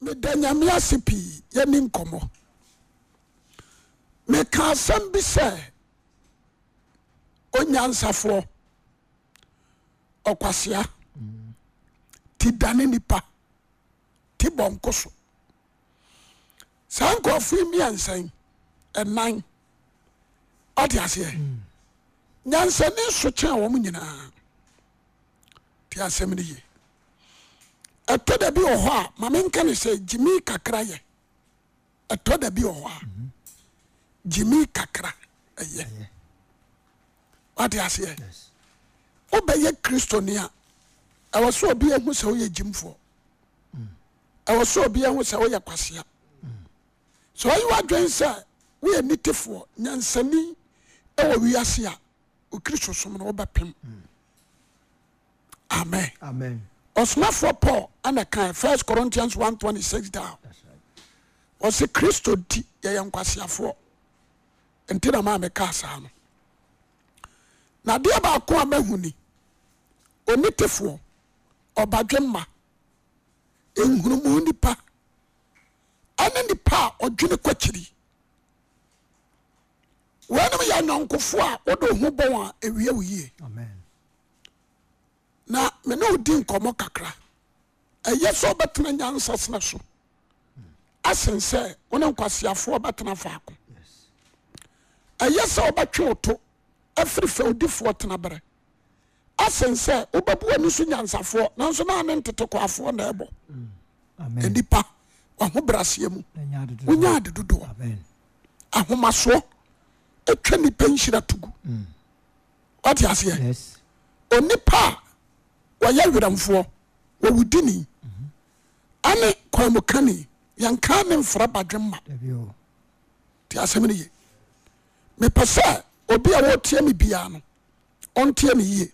meda nyame ase pii yɛni nkɔmmɔ meka asɛm bi sɛ onyansafoɔ ɔkwasea ti dane nipa ti bɔ nko so saa nkurɔfo mmiɛnsan ɛnan ɔde aseɛ nyansani so kyɛn wɔn nyinaa te asɛm no yie ɛtɔ da bi wɔ hɔ a maame nka ne sɛ gyimi kakra yɛ ɛtɔ da bi wɔ hɔ a gyimi kakra ɛyɛ wade aseɛ wobɛyɛ kristoni a ɛwɔ sɛ obi ahu sɛ woyɛ gyimfoɔ ɛwɔ sɛ obi ahu sɛ woyɛ kwasea mm. sɛ ɔyi w'adwen sɛ woyɛ nitefoɔ nyansani ɛwɔ wiase a okristo som no wobɛpem mm. amen, amen ɔsomafoɔ paul ana kan first corinthians one twenty six down ɔsi kristo di yɛyɛ nkwasiafoɔ nti na maa mi saa no na adeɛ baako a mahu ni onitifoɔ ɔbadwemma nhunumu nipa ɛne nipa a ɔdwene kɔkyiri wɔnum yɛ anyɔnkofoɔ a wɔde ohun bɔ wɔn a ewia wo yie. Amen. mene odi nkɔmmɔ kakra ɛyɛ sɛ obɛtena nyansasena so asen sɛ wo ne nkaseafoɔ bɛtena faako ɛyɛ sɛ wobɛtwe woto firi fɛ odifoɔ tenaber asen sɛ wobɛbuanso nyansafoɔ nasonane ntetekafoɔ b nip ho braseɛ mu woyaade dodoɔ homa soɔ wa nipa nhyira toɛa wyɛ werɛmfoɔ wdini ne kmkani yɛnka ne mfra badwen ma nti asɛm no y mepɛ sɛ obi a wɔtiɛme biaa no ɔnteɛ ne yie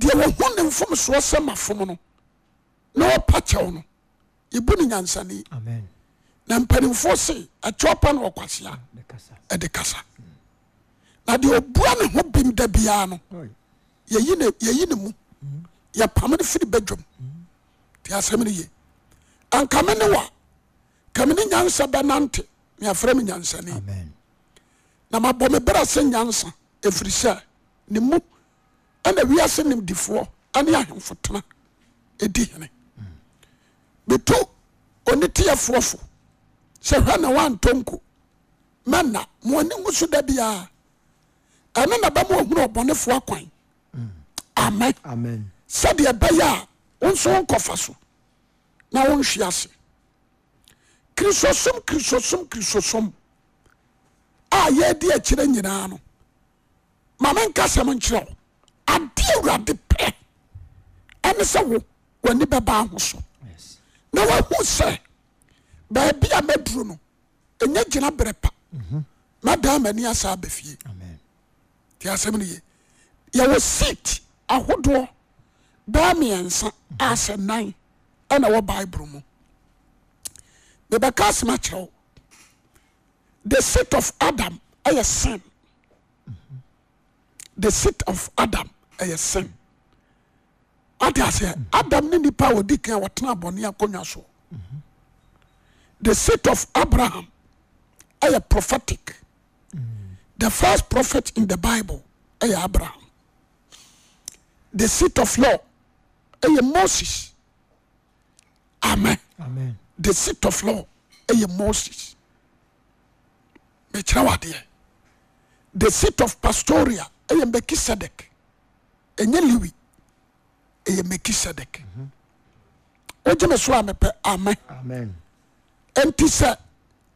deɛ wɔhu ne mfom soɔ sɛ ma fom no na ɔpa kyɛw no yɛbu ne nyansanei na mpanimfo se kyɛpɔ no ɔkwasea ɛdekasa na deɛ ɔbua ne ho bem da biaa no yɛyi ne mu mm. yɛpam mm. no firi badwam nti asɛm ne ye anka me ne wa ka me ne nyansa bɛnante meafrɛ me nyansane na mabɔ me bra sɛ nyansa ɛfiri sɛ ne mu ɛna wiase nimdifoɔ ɛne ahemfotena ɛdi hene bɛtu mm. ɔne teɛfoɔ fo sɛ hwɛ na wantɔ nko mɛna moani hu so da biara ɛne na bɛma ahunu ɔbɔnefoɔ akwan amɛ sɛdeɛ bɛyɛ a wo nso o nkɔfa so na wonhwe ase krisosom krisoso krisosom a yɛadi akyirɛ nyinaa no mamenkasɛm nkyerɛ w adeɛ awurade pɛɛ ɛne sɛ wo wani bɛbaa ho so na woahu sɛ baabi a maduro no ɛyɛ gyina berɛpa nadaamaniasaa mhm. bɛ fie ntiasɛmnoy yɛw st ahodoɔ daa mmiɛnsa a sɛ nan ɛna wɔ The mu mebɛka asɛm akyerɛw the seat of adam ɛyɛ sin the seat of adam ɛyɛ sin ate aseɛ adam ne nipa a wɔdi kan a wɔtena abɔne akonnwa so the seat of abraham ɛyɛ prophetic the first prophet in the bible ɛyɛ abraham hseat of law yɛ moses ame the seat of law yɛ moses mekyerɛ waadeɛ the seat of pastoria ɛyɛ melkisedek ɛyɛ lewi ɛyɛ melkisedek wogyemeso mm-hmm. a mɛpɛ ame nti sɛ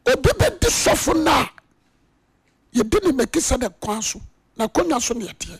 obi bɛdi sɛfo noa yɛdi ne melkisedek koa so nakongya nso de ɛdeɛ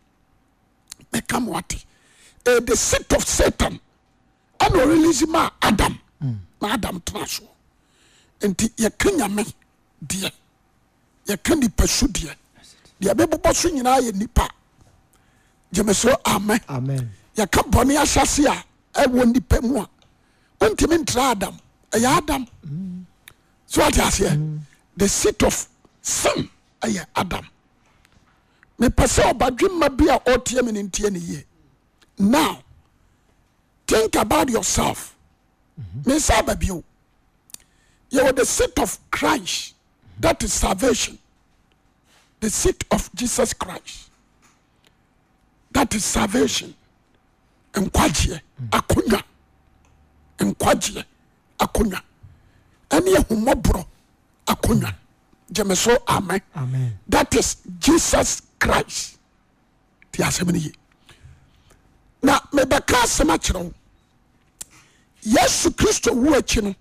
meka ma wate eh, the seat of satan ana ɔrelease ma adam na adam tena soɔ nti yɛka nyame deɛ yɛka nipa so deɛ deɛ bɛbobɔ so nyinaa yɛ nipa gyeme so amen yɛka bɔne ahyase a ɛwɔ e nipa mu a wontimi ntra adam ɛyɛ e adam mm. so wate aseɛ mm. the seat of sin ɛyɛ e adam mepɛ ɔbadwemma bi a ɔtie me no ne yie now think about yourself mhm. mensa ba bio yɛwɔ the seat of christ that is salvation the seat of jesus christ that is salvation nkwagyeɛ mm. akonnwa nkwagyeɛ akonnwa ɛne ahummɔborɔ akonnwa mm. gyeme so amen that is jesus christ ti asɛm no ye na mebɛka asɛm akyerɛ wo yesu kristo wu akyi no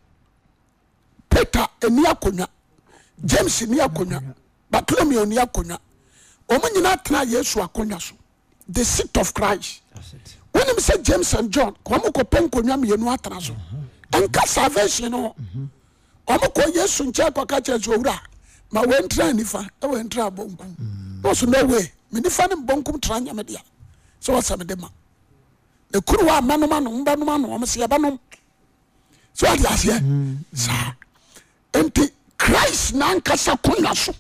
peter ani akonnwa james ni akonnwa bartolomeo ni akonnwa wɔn nyinaa tena yesu akonnwa so the seat of christ wɔnim sɛ james and john wɔn kɔpɛ nkonnwa mmienu atena so mhm. nka salvation no mhm. wɔn kɔ yesu nkyɛn kɔka kyerɛ sɛ owura ma wɔn ntira nifa ɛwɔ Mm -hmm. oa mefa o racnakasa koaso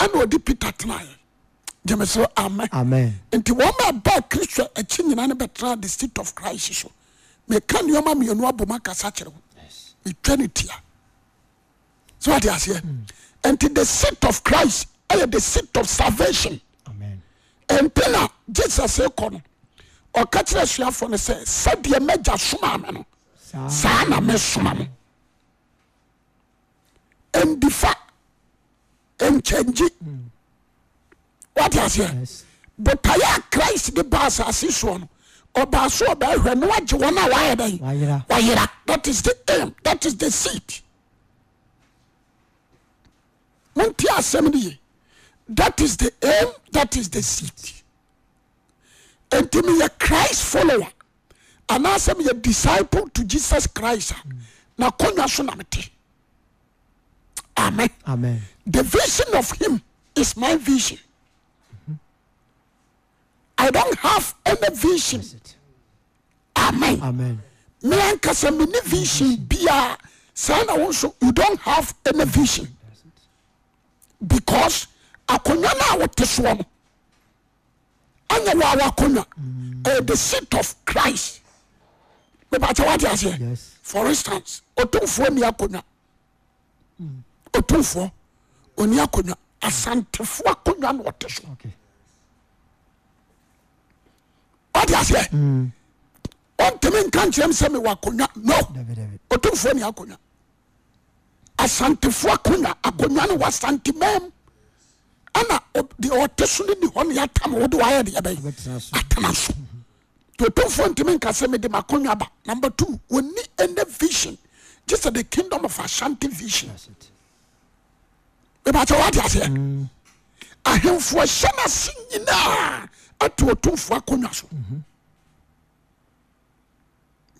n de peter tra es nti a cria kiyinae trathe seet of cristo aathe set of crist ɛyɛ the seat of salvation mpɛna uh, jesus kɔ no ɔka kyerɛ asuafoɔ no sɛ sɛdeɛ mɛgya somaa me no saa na mɛsoma mo ndifa nkyangye wade aseɛ botaeɛa christ de baasaase suɔ no ɔbaaso ɔbaahwɛ ne wagye wɔn a wayɛ dan yera i a that is the seat monti asɛmno yi that is the aim that is the seat enti a christ follower anaasɛ a disciple to jesus christ a mm. na kɔnwa so na mete amen the vision of him is my vision mm-hmm. i don't have any vision amen, amen. me ankasa mene vision biaa saa na wo nso you don't have any vision because akonnwa no a wote soɔ no ɛnyɛ wo a woakonnwa ɛyɛ mm. eh, the seat of christ mepakyɛ woate aseɛ for instance ɔtomfoɔ nni akonnwa ɔtomfoɔ mm. ɔni akonnwa asantefoɔ akonnwa na ɔte so woate aseɛ ɔntumi mm. nka nkyerɛ sɛ mewɔ akonnwa no ɔtomfoɔ ni akonnwa asantefoɔ akonnwa akonnwa no wɔ asantemam ana te so no ni hɔ neɛawode yɛ deɛy aanaso ɔtofoɔ ntimkasɛ mede mkna ba num t nn na vision gus the kingdom of asyant vision ywesɛ e mm. hmfoɔ hyɛ nse yina ato ɔtomfoɔ knwa so mhm.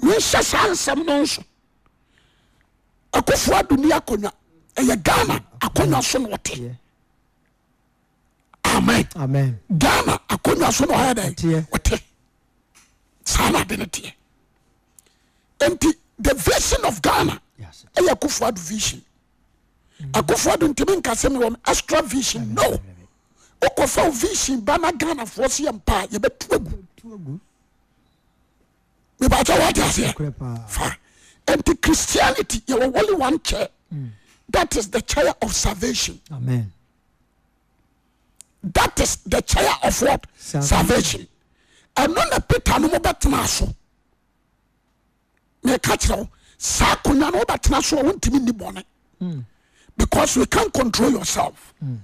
mehyɛ saa nsɛm no nso akfoa dunia aknwa ɛyɛ ghana mm. akna so noɔte ghana asnnɛn the vision of ghana yɛ akfudo vsion akfudo ntimikasɛm astra vision n favon anhnafoɔ sypa yɛtgschristianity yɛ ais thehir of salvation that is the chire of wrd salvation ɛno n peter no mobɛtenaso meka kyerɛ w saa akona no wobɛtenas wontimi nibɔne hmm. because yo can control yourself hmm.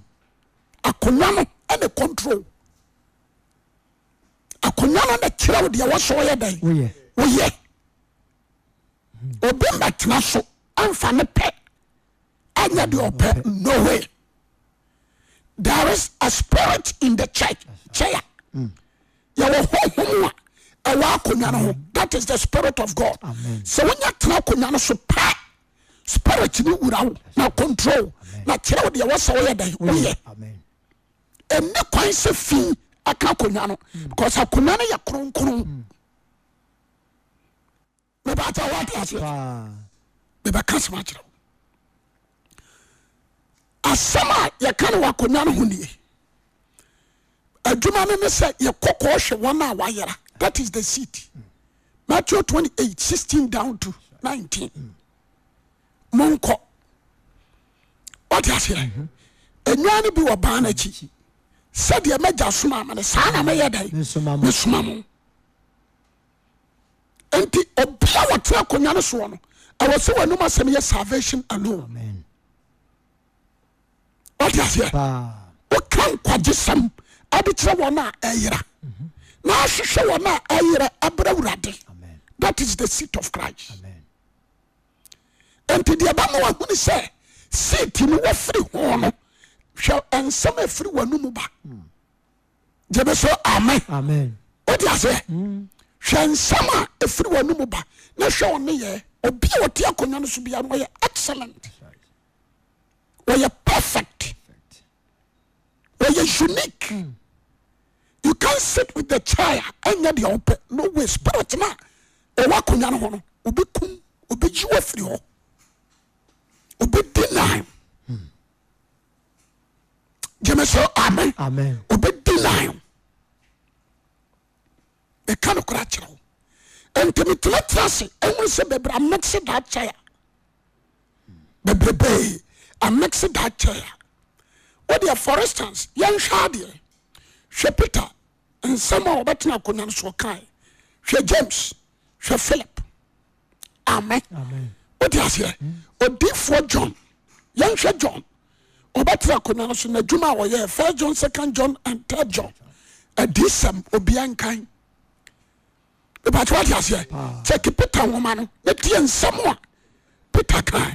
akonwa no ne control akonwa no nɛkyerɛw deɛ wosɛyɛ dɛn woyɛ obembɛtena so mfa ne pɛ ayɛ deɛ ɔpɛ noway there is a spirit in the chu kyɛa yɛwɔ hohom a ɛwɔ akongua no ho that is the spirit of god sɛ woya tena akongua no so pa spirit ne wura wo na control na kyerɛ wode yɛwɔsɛ woyɛ d woyɛ ɛnnɛ kwan sɛ fii aka akongua no because akonwano yɛ kronkrron ɛbɛd bɛbɛka smkyerɛ ho asɛm a yɛka ne wɔakonwa ne ho ni adwuma no ne sɛ yɛkɔ kɔɔ hwɛ wɔn a wayera thatis the seat matt 2816 dnto 19 monkɔwwa no bi wbaano ki sɛdeɛ mɛgya somaamano saa na mɛyɛ da mɛsomamu nti ɔbia wɔtera akonwa ne soɔ no ɛwɔ sɛ wanom asɛm yɛ salvation alone ode aseɛ woka nkwagyesɛm abɛkyerɛ wɔ n a ɛyera mhm. na ahwehwɛ wɔn a ɛyera abra wurade that is the seat of christ ɛnti deɛ ba na waheni sɛ seti no wɔfiri ho no hwɛ nsɛm afiri w' no mu ba hmm. gye mɛ sɛ amɛ ode aseɛ hwɛ nsɛm a ɛfiriw'no mu ba na hwɛ wɔne yɛ obia ɔtiakɔnnua no so bia no wɔyɛ excellent ɔyɛ perfect yɛ nq you can sit with the chie yɛ deawop nowespritemi wkoyan hn yiwa firi h oɛden gemesɛ a oɛdin kanrakyerɛ ntimeteme trase wesɛ bbrɛ mexe daha br amexe dacha wode foristance yɛnhwɛdeɛ hwɛ peter nsɛm a ɔbɛtena konnuano soɔka hwɛ james hwɛ philip ame woɛfo john ɛhɛ john ɔɛtera konuan sonadwumaawɔyɛ first john secon john an tird john adsbinkankɛ petermo sm peter kas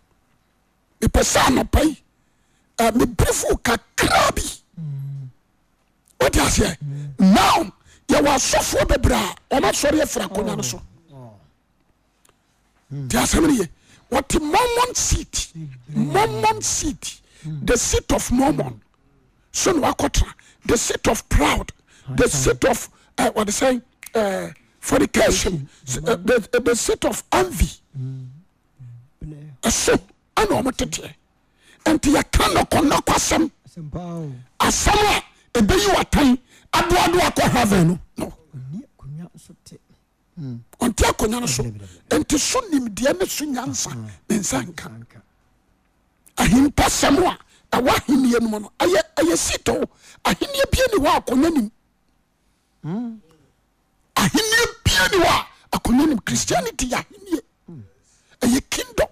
iposanɔpai mebiri fo kakra bi ode aseɛ no yɛwɔ asɔfoɔ babrea ɔnesɔreɛ fra konya no so ti asɛmi no yɛ wɔte momon seat momon seat the seat of mormon sone wakɔtra the seat of proud the seat of e sɛ fornicationthe seat of anvy mm. ɛna ɔmo nti yɛka kɔ asɛm asɛm a ɛbɛyi watan adoadoa akɔ heaven no hmm. ɔnte akonya no so nti so nimdeɛ ne so nyansa hmm. ne nsa nka sɛm a ɛwɔ ahenniɛ no mu no ɛyɛ ɛyɛ ahenniɛ bie ni hɔ akonya nim hmm. ahenniɛ bie ni hɔ a akonnwa nim christianity yɛ ahenniɛ ɛyɛ kingdom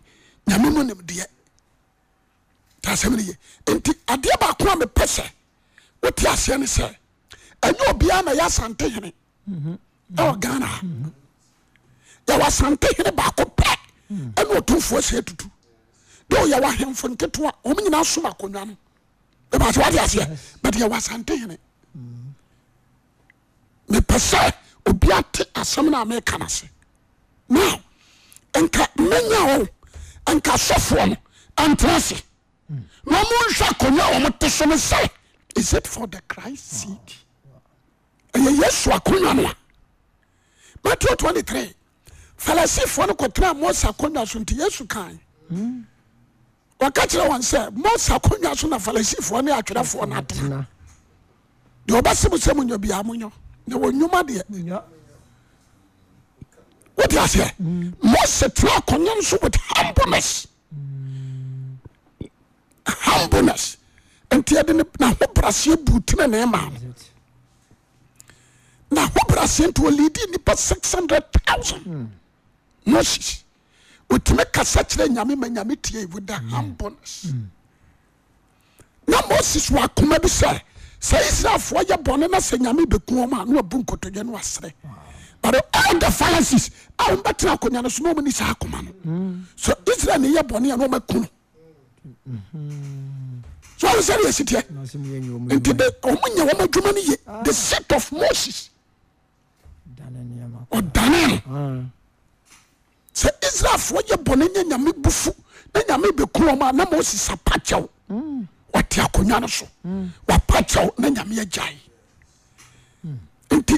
yame m nedeɛ snyenti adeɛ bako a mepesɛ wotasɛn sɛe bia mayɛsant eeɛw santeee ak nfst yɛwhefo nket om yena sokauseeepɛsɛ bite asm mekansen nka meyao nkasɔfoɔ no antena se mamosɛ aknwa wɔmte so no sɛ i f he christ s ɛyɛyesu aknwa no a mat 23 farisefoɔ no kɔteaa mosa knwa sonti yesu ka wka kyerɛ ɔ sɛ mosa kɔnwa so na farisefoɔ no ɛtwrɛfoɔ noadeɛ ɔbɛsɛ m sɛ muaɔwadeɛ wodsɛ mosis tenakɔyɛ nso wit mblnessmblnes nhobrɛseɛ bu tenemanahobrɛsɛ nti ldi nia 600 000 os ɔtimi kasakyerɛ nyamema nyame twd hmm. mblnes hmm. na moses wɔakoma bisɛ sɛ israelfoɔ yɛ bɔne nosɛ nyamebɛkum ana abunka no aserɛ ɔde all the finances a wɔn bɛ tena akonnwa no so na wɔn ni saa akoma no so israel ni yɛ bɔnne a na wɔn kun no so wɔn sɛ de yɛ sitiɛ nti de ɔmo nya wɔn adwuma no yɛ the seat of moses ɔdane no ah. sɛ israelfoɔ yɛ bɔnne nyɛ nyame bufu ne nyame bɛ kun wɔn a na moses sisa pakyɛw wɔte akonnwa no so mm. wɔpakyɛw na nyame agyae mm. nti.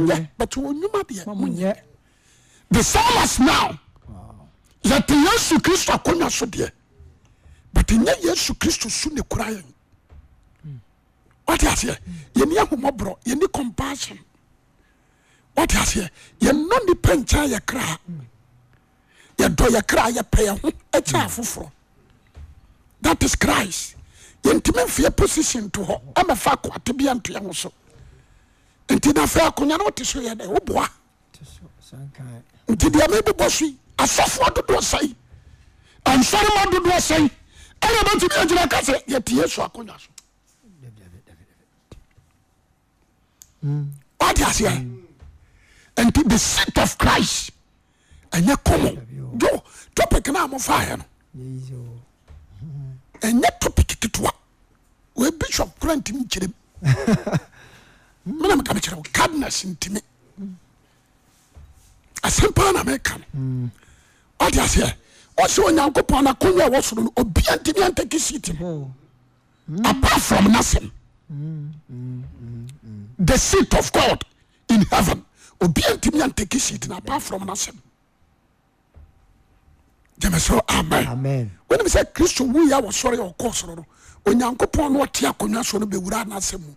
yɛbtwuma mm. deɛɛ the samas now yɛte yesu kristo akonwa so deɛ but yɛ yesu kristo s kraɛncompastionɛ mm. mm. ɛnɔ nipa nkya yɛkraa yɛd yɛkrayɛpɛɛ hafoforɔthatis christ yntimi mfeɛ posison nt hmafa aanh ntnafe akoya no ote so yɛdɛ woboa nti deɛmebobɔ so i asafo dodoɔ sɛi ansarema dodoɔ sɛi ɛnmatimiɛgyira ka se yɛte yesu akoya so aeasea hmm. hmm. nti the set of christ ɛnyɛ kɔm o topikna mofaɛ no hmm. ɛnyɛ topikiketowa biso korantimi nkyerem menemekamekyerɛocadna sntimi asɛmpaa nameka mm. dease os onyankopɔn noknwa wɔ sorn obia ntimntkesi n oh. mm. apart fromnase the seat of god in heaven obiantimiantɛkisi n apar from nasɛ ameseo amen onesɛ kristowuɛwɔsreɔornyankpɔ ntkna nsmu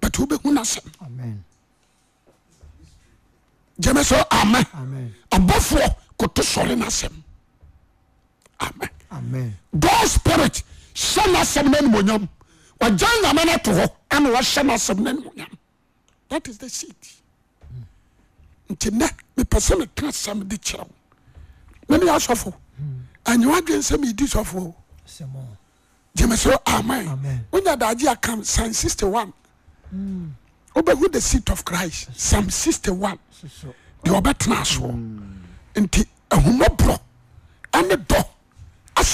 but wobɛhu no asɛm gyeme so ama abɔfoɔ koto sɔre no asɛm amen god spirit hyɛ no asɛm no animonyam wagya nyama no to hɔ ana wahyɛ no no animonyam that is the seed nti nɛ mepɛ sɛ meka asɛm de kyerɛ wo mene yɛ asɔfo anyɛ wadwen sɛ meedi sɔfoɔ gyeme so amen wonya daagye akam san 61 obɛhu the seat of christ same 61 deɛ ɔbɛtena soɔ nti humu borɔne maaweaaoeaais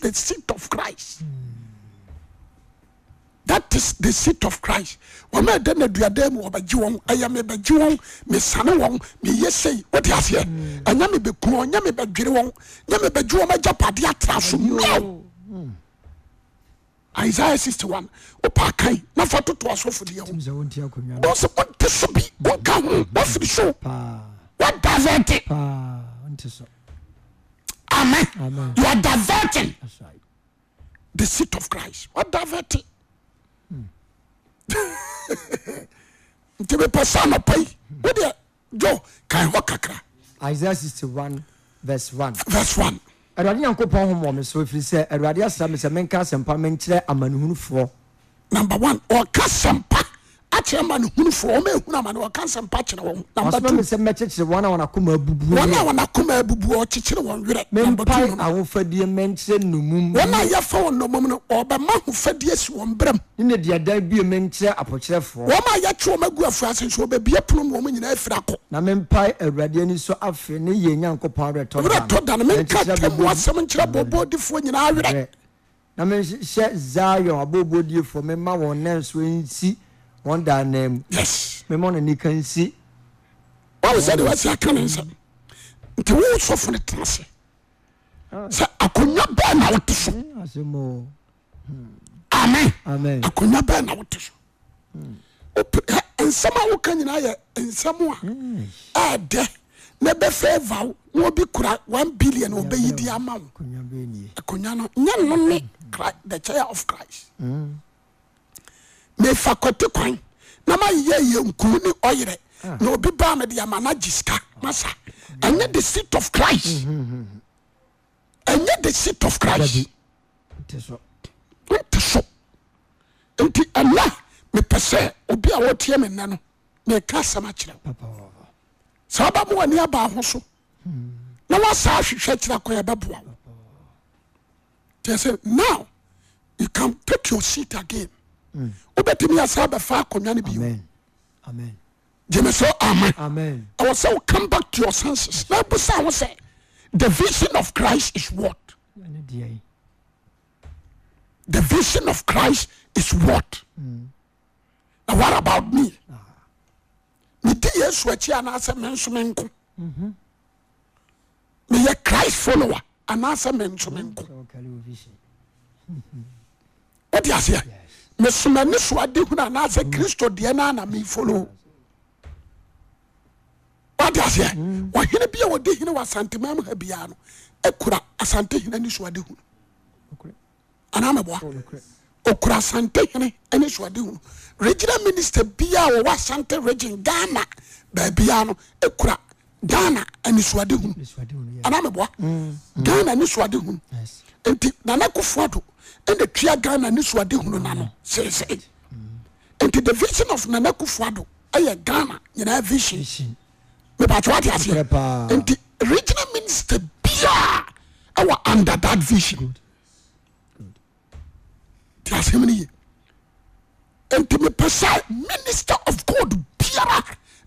the seat of crist ihe seof cis maɛneadaa muwbagwɛɛmebag esane sɛ wo asɛ ɛnyɛ mebɛkuyɛ mebɛdere w yɛmebagyiwɔagyapadeɛ tra so nua isia 61 wopɛka nfa totoasofodɛhwont so bi oa h wfiriso th eaf is nti mepɛ sɛ anɔpa yi wodeɛ jo kan hɔ kakra 61 verse 1 verse 1 awurade nyankopɔn hom wɔ me so ɛfiri sɛ awurade asra me sɛ menka asɛmpa menkyerɛ amanehunufoɔ number one ɔka asɛmpa akyerɛ ma no hunufoɔ ɔma ɛhunu ama no wɔka nsɛmpa kyerɛ wɔn nambasɛ mɛkyekyere wɔn a wɔn akoma abubuo wɔn a wɔn akoma abubuo ɔkyekyere wɔn werɛ mempae ahofadie mɛnkyerɛ nnomum wɔn a yɛfa wɔn nnomum no ɔbɛma ahofadie si wɔn berɛm ne deadan bio mɛnkyerɛ apɔkyerɛfoɔ wɔn a yɛkye wɔn agu afuase nso ɔbɛbie pono mu wɔn nyinaa afiri akɔ na mempae awurade ani so afe ne yɛ nyankopɔn awerɛtɔ da no menka tam asɛm nkyerɛ bɔbɔdifoɔ nyinaa werɛ na mehyɛ zion aanmme mɔne nika nsiosɛdeɛ wsi akrane n sɛ nti woosofo no tenase sɛ akonnwa bɛɛ nawote so a akonnwa bɛ hmm. na wote sonsɛm a woka nyinaayɛ nsɛm a adɛ na bɛfɛ vawo na obi kora 1 billion wobɛyidi ama wo akoa no yɛnnone hmm. the chaire of christ hmm. mefa kote kan na mayɛyɛ nkumu ne ɔyerɛ ah. na obɛ baa mede amanagi sika masa ɛnyɛ the seat of christ mm, mm, mm, ɛnyɛ the seat of christ nte so nti ɛna mepɛ sɛ bi a wɔtɛ mennɛ no meɛka sɛm kyerɛ saa ba ma ne abaa ho so hmm. na wasaa hwehwɛkyerɛ n bɛboao ɛsɛ no ou yo set again wobɛtumi mm. yɛsa bɛfa no bio gyeme sɛ amen ɛwɔ sɛ wo come back to your senses na busa wo sɛ the vision of Christ is what the vision of Christ is what mm. now what about me ah. medi yesu akyi anaasɛ me I me nko mm-hmm. meyɛ Christ follower anaasɛ me me nko wode aseɛ mesomane soade hunu anaasɛ mm. kristo deɛ no anamefolo t aseɛ mm. ene bia wɔde hene wɔasantemamha biaa no kura asantehenene suade hun anamaba oh, kra asanthenene sadhu reginal minista biaa wɔwɔsante regin gama baabia noa gna anesdhnhnesdhntinanfdntaghannsdhnnnt mm, mm. mm. the vision ofnanfdyɛghanaynvsonenrgnal minister baundethat visionpsaminister of gd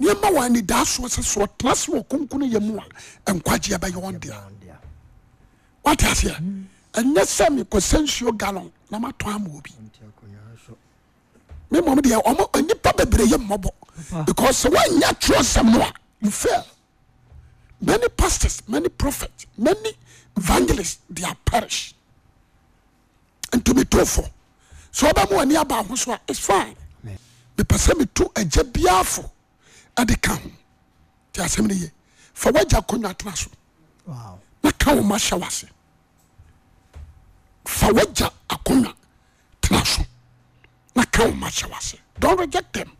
nneɛma wɔ anidaa soɔ sɛ sɛ ɔtena se wɔ konkono yɛ mu a nkwagyeɛ bɛyɛ wɔn dea wate aseɛ ɛnyɛ sɛ mekɔsɛ nsuo gallon na matɔ ama obi memom deɛ ɔmo nnipa bebree yɛ mmɔbɔ because sɛ woanya twerɛ sɛm no a you fail many pastors many prophets many evangelists they are perish ntomitofo so wobɛma w'ani aba ho so a it's fine mepɛ sɛ metu agya biaa fo ɛde ka ho nti asɛm no yɛ fa wagya konwa tena so na ka wo ma hyɛ w ase fa wagya akonwa tena so na ka wo ma hyɛ w ase don't reject them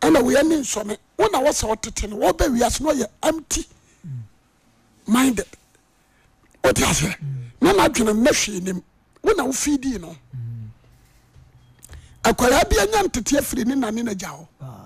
ɛna woyɛ ne nsɔne wo na wɔsɛ wotete no wɔbɛ wiase no ɔyɛ empty minded wote aseɛ na n'adwene mma hwee nim wo na wofii dii no mm. akwaraa bi anya ntete afiri ne nane na gya hɔ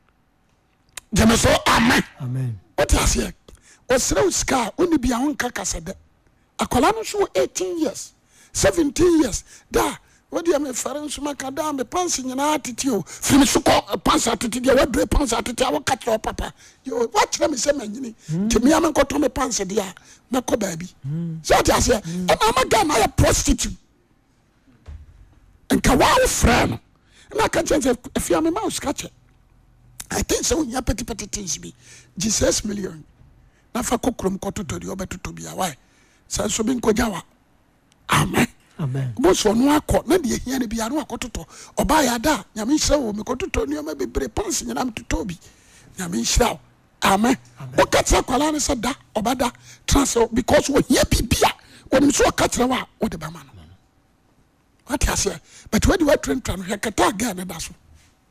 emesɛ eh, hmm. hmm. hmm. ama tas sr ka ka kase koa o 8 years s yers dfresoapa yina p kawawo fra no ka k fiamema oska kye i think sɛ wonya petipɛti things bi gye six million na fa kɔ kurom kɔtotɔ deɛ ɔbɛtotɔ bia wae sɛ nso bi nkɔgya wa amen bosu ɔno akɔ na deɛ hia no bia no akɔtotɔ ɔbaa yɛ ada a nyame nhyira wɔ mekɔtotɔ nneɔma bebree panse nyina metotɔ bi nyame nhyira wo amen woka kyerɛ kwalaa no sɛ da ɔbɛda tena sɛ because wɔhia biribi a wɔnim sɛ ɔka kyerɛ wo a wode bɛma no wate aseɛ but wode woatrantwa no hwɛ kɛtaa gaa ne da so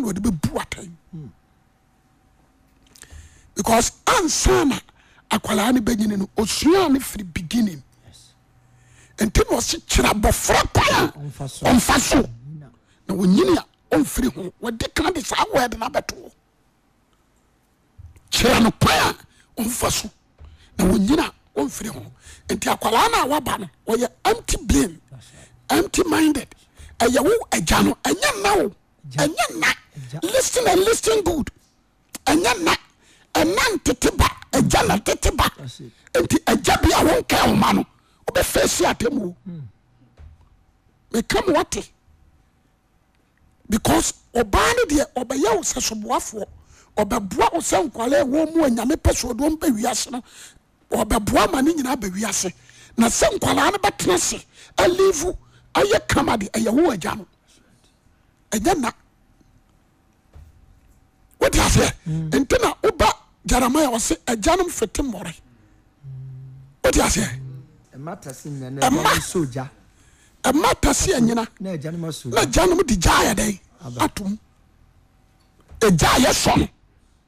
bcu ansa na kwaa n yin suaa ne firi beginin ninɔskyera fra wan fasoninf raaf ɛmpt blan t minded yɛo yayanao ɛyɛ na listing an listing good ɛnyɛ na ɛna ntt baanantt ba nti gyabaa wka omanwɛfɛsmkama because andeɛ bɛyɛo ssoafoɔoasɛnkwayampsd a ma neyinabs na sɛnkwaa noteras alvɛ kama dɛ ywoano ɛyɛna woti asɛ mm. ntena woba jaramaya ɔse agyanom fete mmɔrɛ wotiasɛma taseayinana gyanom de gya yɛdɛn atom ɛgya yɛsɔno mm.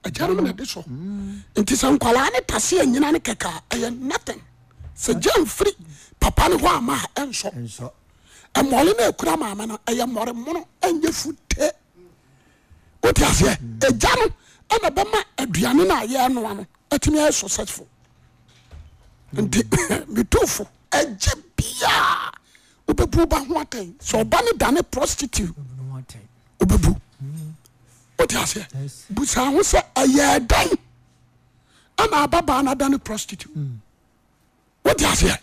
ajanom nede so mm. nti sɛ nkwalaa ne taseɛ yina ne kakaa ɛyɛ naten sɛ jamfri papane hɔ amaa ɛnsɔ mmɔre ne akura maama na ɛyɛ mmɔre mono ɛnyɛ fute wote aseɛ ɛgya no ɛna bɛma aduane no a yɛnoa no atumi ayɛ successful nti metofo agye biaa wobɛbu ba ho atɛn sɛ ɔba no dane prostitute wobɛbu wote aseɛ busaa ho sɛ ɛyɛ ɛdan ɛna ababaa no adane prostitute mm wote aseɛ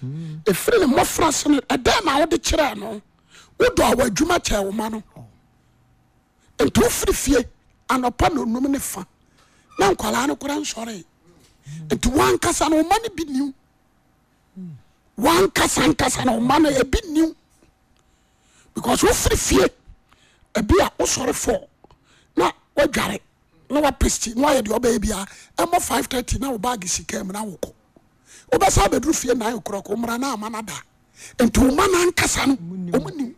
ɛfiri ne mmɔfra se no ɛdɛn na wode kyerɛɛ no wodɔ a wɔadwuma kyɛɛ wo ma no nti wofiri fie anɔpa na onum ne fa na nkwalaa no kora nsɔree nti kasa no woma no bi niw wankasa nkasa no woma no ebi niw because wofiri fie ebi a wosɔre fɔ na wadware na wapesti na wayɛ deɛ ɔbɛyɛ biara ɛmmɔ five thirty na wo baage sika mu na wokɔ wobɛsabdu fie nntiomannkasannɛ bimih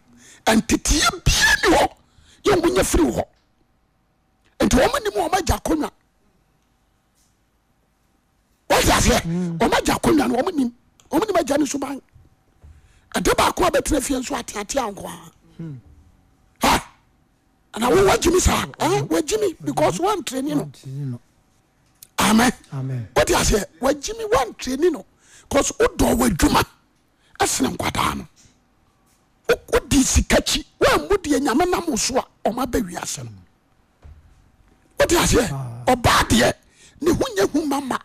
ymuya firihna aafionii eatnin amɛ wote aseɛ waagyemi wantani no cas wodɔ w adwuma ɛseno nkwadaa no wde sikaki waamdeɛ nyame namsoa ɔma bɛwiasɛ no woteseɛ ɔbaadeɛ neomwomɛsɛɛ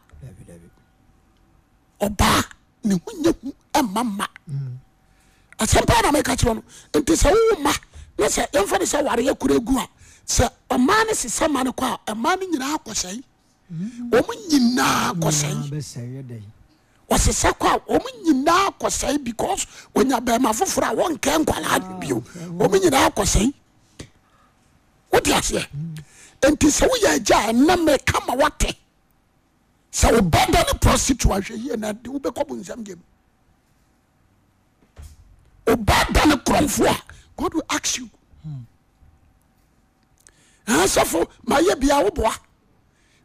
ka sɛɛɔyisɛi om yinaa ksɛsesɛyinaa a ooɔyaawoɛwoɛaɛsɛwapsihwaanoɛ a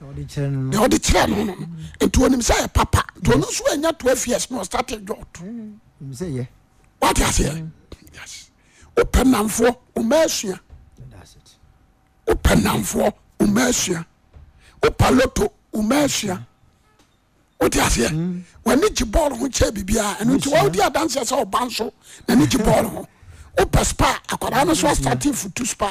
deɛ ɔde kyerɛ no no nti onim sɛ yɛ papa nti ɔno nso anya 12 years na ɔstarte dwot mm. wate aseɛ wopɛ namfoɔ ɔma asua wopɛ namfoɔ ɔma asua wopɛ loto ɔma asua wote aseɛ mm. w'ani gye bɔɔl ho kyɛ biribiaa ɛno nti wawodi adanseɛ sɛ ɔba nso n'ani gye bɔɔl ho wopɛ spa akwadaa no so astarte foto spa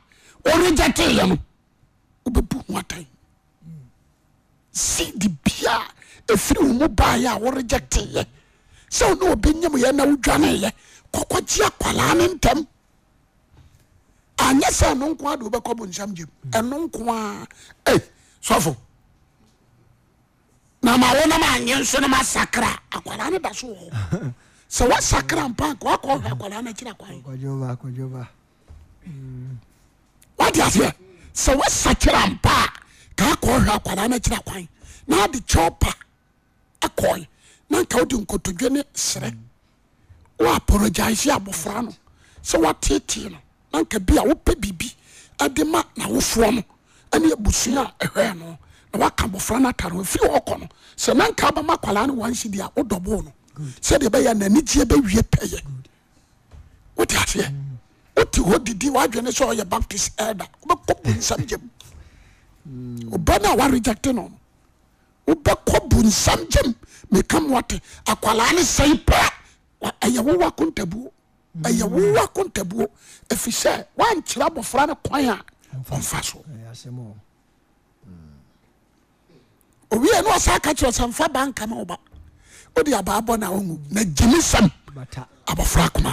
oreje teyem wobebouat sedebia firi womu bay woreje teye soonob ye ynwoaneye kokaje akwalane ntem aye se anka dkonsa nk sf nmawonm ayenso nmasakra akwa baso swasakrp wate aseɛ sɛ wosakyera mpa a kaakɔ hwɛ akwadaa no akyira kwan na ade kyɛw pa akɔe na nka wode nkotodwe ne serɛ woaporogyase abɔfra no sɛ woatetee no na nka bi a wopɛ biribi ade ma nawofoɔ no ɛne abusua a ɛhwɛɛ no na waka abɔfra no atare ɛfiri wɔkɔ no sɛ na nka bama akwadaa no wansi deɛ a wodɔboo no sɛdeɛ ɛbɛyɛ n'anigyeɛ bɛwie pɛyɛ wote aseɛ mm. woti ho didi acti da w sa wae wok bsa a kaas pa a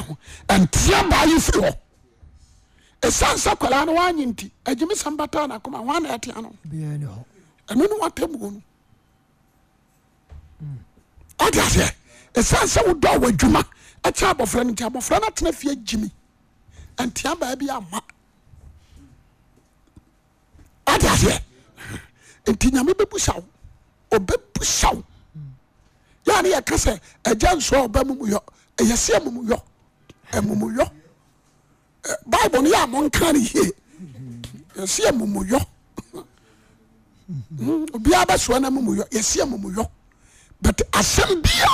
hmm. aaaaɛaaaf san sa kaa n wayenti agimi sembatanwantian nnwatauo ads sian sɛ wodo wa auma ata abofr nntiabofra notena fie imi ntia baabi ama ades nti yame bbusao obe busao yane yɛkase aja nsua ob mumuyo yese amumy mmyo bible no yɛ amo nka no yie yɛsi yɛ e mumuyɔ hmm, obiara bɛsoa no mumuyɔ yɛsi yɛ e mumuyɔ but asɛm bia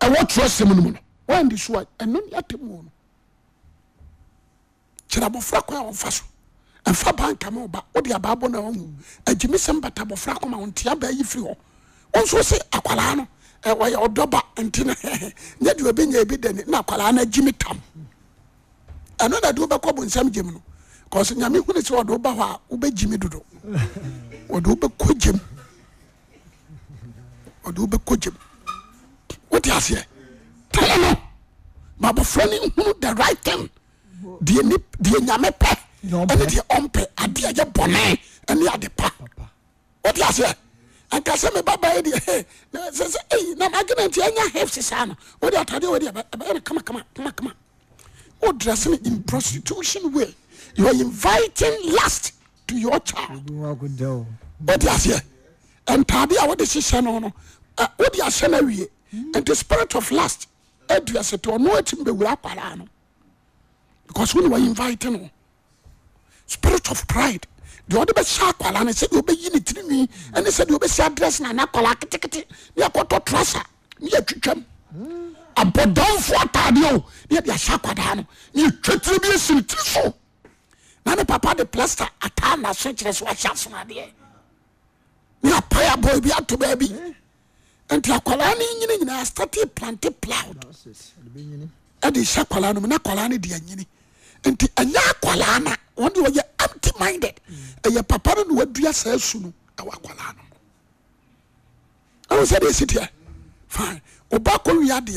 a e ɛwɔ twerɛ sɛm no mu no wɔandi so a ɛno ne yɛte mu no kyerɛ abɔfra kwan a wɔmfa so ɛmfa banka ma ɔba wode abaabɔ no ɔhu agyimi sɛm bata abɔfra koma wontea baayi firi hɔ wo nso sɛ akwalaa no wɔyɛ ɔdɔba nti no nyɛ deɛ ɔbɛnya bi dani na akwalaa no agyimi tam mm -hmm. ɛnonede wobɛkɔbo sam em noa yame hen sɛ de bah wobɛimi dodo e odress no in prostitution way yoa invitin lust to yo dosnaeawodeeɛ noodesɛnowie n spirit of lust daset ɔnotimi ɛwu kwaa no ecaus wone w inviteno spirit of pride deɛsɛ waa nsɛeɛine tiwi sɛdɛsi dresnonakɔa ketekete neaɔt trusa ne yatwitwam abodamfu atade ne de sɛ kwada no etatra bi sertiso na ne papa de plaste ataasoereoasod epa bbi to abi nti kwaa neni apan aod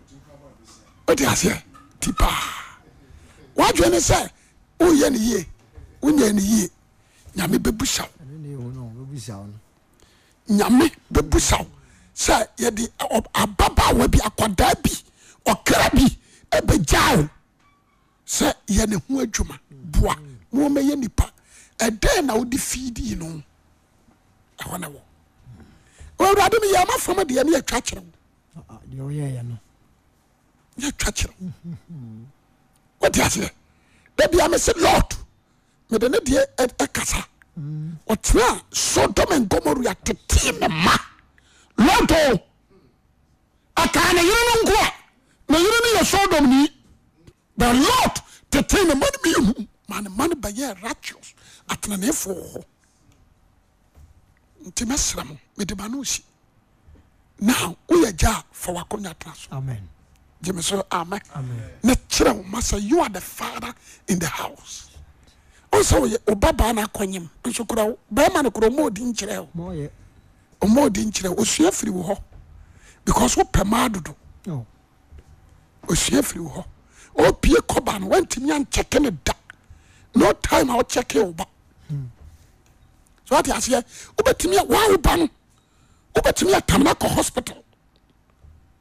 wode aseɛ ti paa woadwene sɛ woyɛ ni yie wonya ni yie nyame bɛbu saw nyame bɛbu saw sɛ yɛde ababaawa bi akɔdaa bi ɔkra bi ɛbɛgyaa wo sɛ yɛ ne ho adwuma boa ma mm. wɔmɛyɛ nipa ɛdɛn na wode fiidii no ɛhɔ ne wɔ awurade no yɛ amafam deɛ ne yɛtwa kyerɛ wo yɛtwa kyerɛ wode aseɛ da bia me se lord mede ne deɛ ɛkasa e, e ɔtena a sodom and gomoria tetee me ma lord o akaa ne yere ni nko a ne yere no yɛ sodom ni but lord tetee me ma no meyɛhu ma ne ma no bɛyɛɛ righteous atenaneefoɔ hɔ nti mɛsrɛ mo mede ma no osi now woyɛ gya a fa wakɔnya tena so amen ne kyerɛ wo masɛ othe fater in the house sɛaerɛ sua fri h beause wopɛ madod sua firi w h pe atiankyɛk no da noimkɛkba hmm. ɛwwawotuiatamne kɔ hospital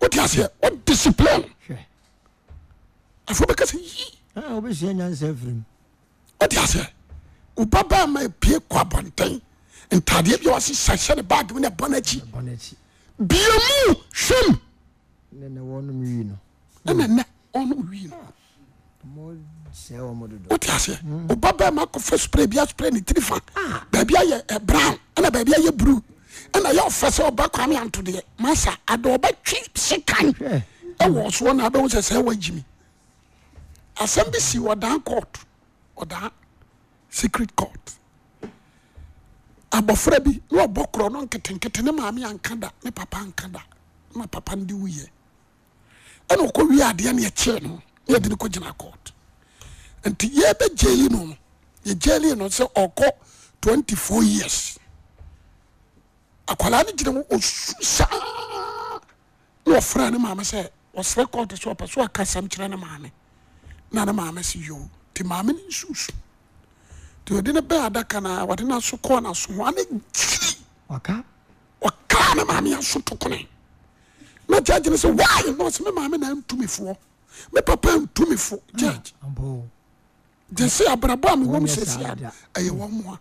wotase o disiplin afo bekese yi otase obaba ma apie koabonten ntade biawasesa se ne bagmine abone aki biemu sem nene ons obabama kfo spra bispra ne tri fa babi ybr n babiye br ɛna yɛɔfɛ sɛ ɔba kwame anto deɛ masa ade ɔbɛtwe sekan ɛwɔ soɔ na abɛhu sɛ sɛ wagyimi asɛm bi si ɔdan court secret court abɔfra bi na ɔbɔ korɔ no nketenkete ne maame anka da ne papa anka da na papa no de wuyɛ ɛna ɔkɔ wie adeɛ ne no ne yɛde no kɔgyina court nti no no no sɛ ɔkɔ 24 years akwalaa no gyina mu osu saa na ɔfra ne maame sɛ ɔsrɛ kɔɔte sɛ ɔpɛ so akasɛm kyerɛ ne maame na ne maame sɛ yoo nti maame ne nsusu nti ɔde ne bɛɛ adaka no wɔde no aso kɔɔ no aso ho ane gyiri ɔka ne maame aso tokone na gyagye sɛ wae na ɔsɛ me maame na ntumi foɔ me papa antumifo gyagye gye sɛ abrabɔ a mewɔ m sɛsia ɛyɛ wɔ mmoa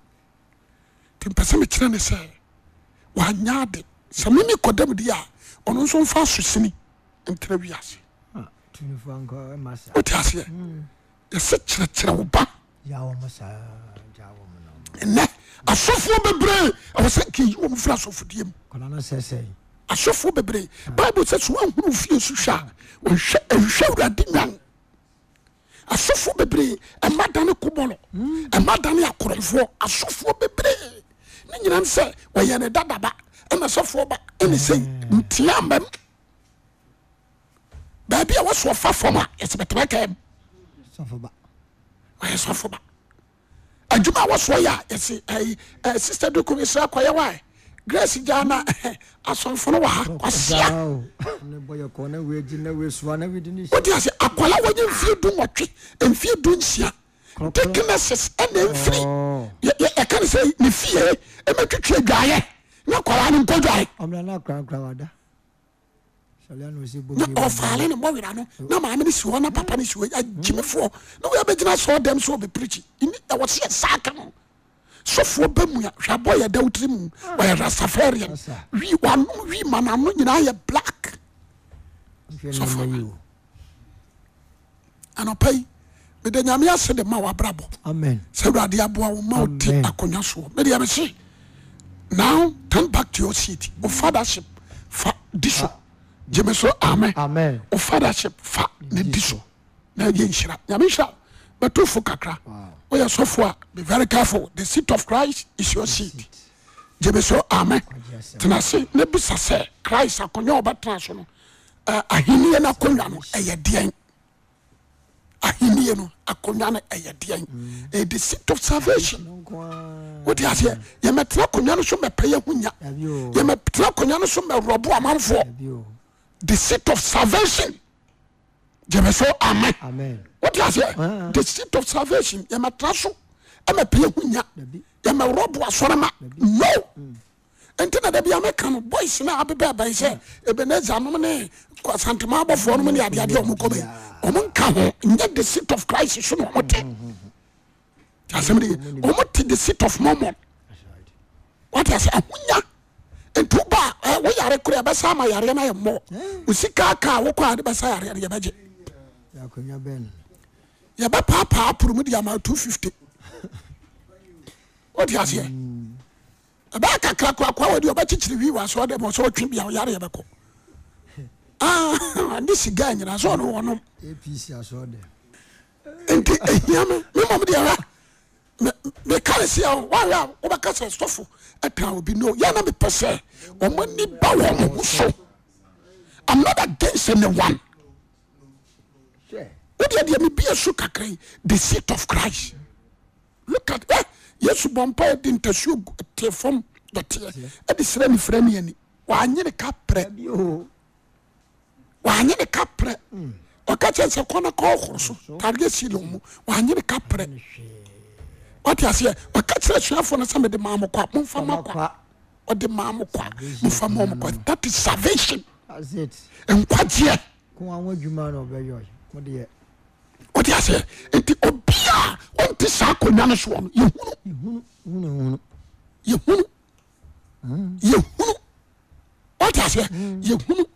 nti mpɛ sɛ mekyerɛ ne sɛ wanya ade Samini mene on nous a ɔno nso mfa sosini ntera wiase wote a yɛsɛ kyerɛkyerɛ wo ba ɛnɛ asɔfoɔ bebree ɛwɔ sɛ nkeyi wɔ a asɔfodeɛ mu bebree ah. bible sɛ sɛ woahunu fie so hwɛ a ɔhwɛ awurade a bebree ɛma hmm. ɛma ne nyinam sɛ wɔyɛ ne dadaba ɛna sɔfoɔ ba ɛne sɛ ntia mbɛm baabi a wɔsoɔ fa fam a yɛsɛ bɛtɛmɛ kɛm wɔyɛ sɔfo ba adwuma a wɔsoɔ yɛ a yɛsɛ ɛyi ɛɛ sista kɔyɛ wa grace gya na asɔnfo no wɔ ha kɔsia wodi ase akwala wɔnyɛ mfie du nwɔtwe mfie du nsia ticneses nemfiri ɛkane sɛ nefie matwitwa dwaɛ na kra nondwafane era mamne sn papan sf wɛgyina sdemsobɛprwsyɛ saka sofuɔ amaɛ ɛmuabla mede nyame ase de ma wabrabɔ sɛ awurade aboa wo ma wote akonnwa soɔ mede yɛ mese now turn back to your seat O fathership fa di so ah. gye so amen O fathership fa ne di so na yɛ nhyira nyame nhyira bɛto fo kakra woyɛ sɔfo a be very careful the seat of christ is your seat gye so amen oh, tena se ne bisa sɛ christ akonnwa a wɔbɛtena so no eh, ahenniɛ no akonnwa no ɛyɛ deɛn hene akonwano yɛ dɛ ɛthe mm. seat of sarvation wosɛ yɛmɛtera konuanosomɛpɛyɛo ɛɛta konanosomɛboa manfoɔ the seat of sarvation ymɛsɛ ama wosɛ ah, ah. the seat of srvation yɛmɛtraso mɛpɛyɛ hoya yɛmɛ rɔboa sɔrema no mm. tnmka bosse bna eteetoa papap50 ɛbɛyɛ kakra koakoa wade ɔbɛkyekyere wi wɔ asɔɔ dɛ ma ɔtwe bia ɔyare yɛbɛkɔ ah, ne siga nyina sɛ ɔno wɔnom nti ɛhia eh, me memɔm deɛ ra mekare sia o a wobɛka sɛ sɔfo e ɛtaa obi no yɛna mepɛ sɛ ɔma ni ba wɔ mo ho so I'm not against anyone wodeɛ deɛ mebia so kakrai the seat of Christ look at eh, yesu bɔ mpa de ntasuo teɛ fam dɔteɛ ɛde serɛ ne frɛ ne ani wanye ne ka prɛ wanye ne ka prɛ hmm. ɔka kyɛ sɛ kɔna kɔɔhoro so tareɛ silom mu wanye ne ka prɛ ɔte aseɛ ɔka kyerɛ suafoɔ no sɛ mede maa mo kwa momfa ma kwa ɔde maa mo kwa momfa ma mo kwa hmm. that is salvation nkwagyeɛ ɔte aseɛ nti onte sa ko ano sono yyun yur tsyun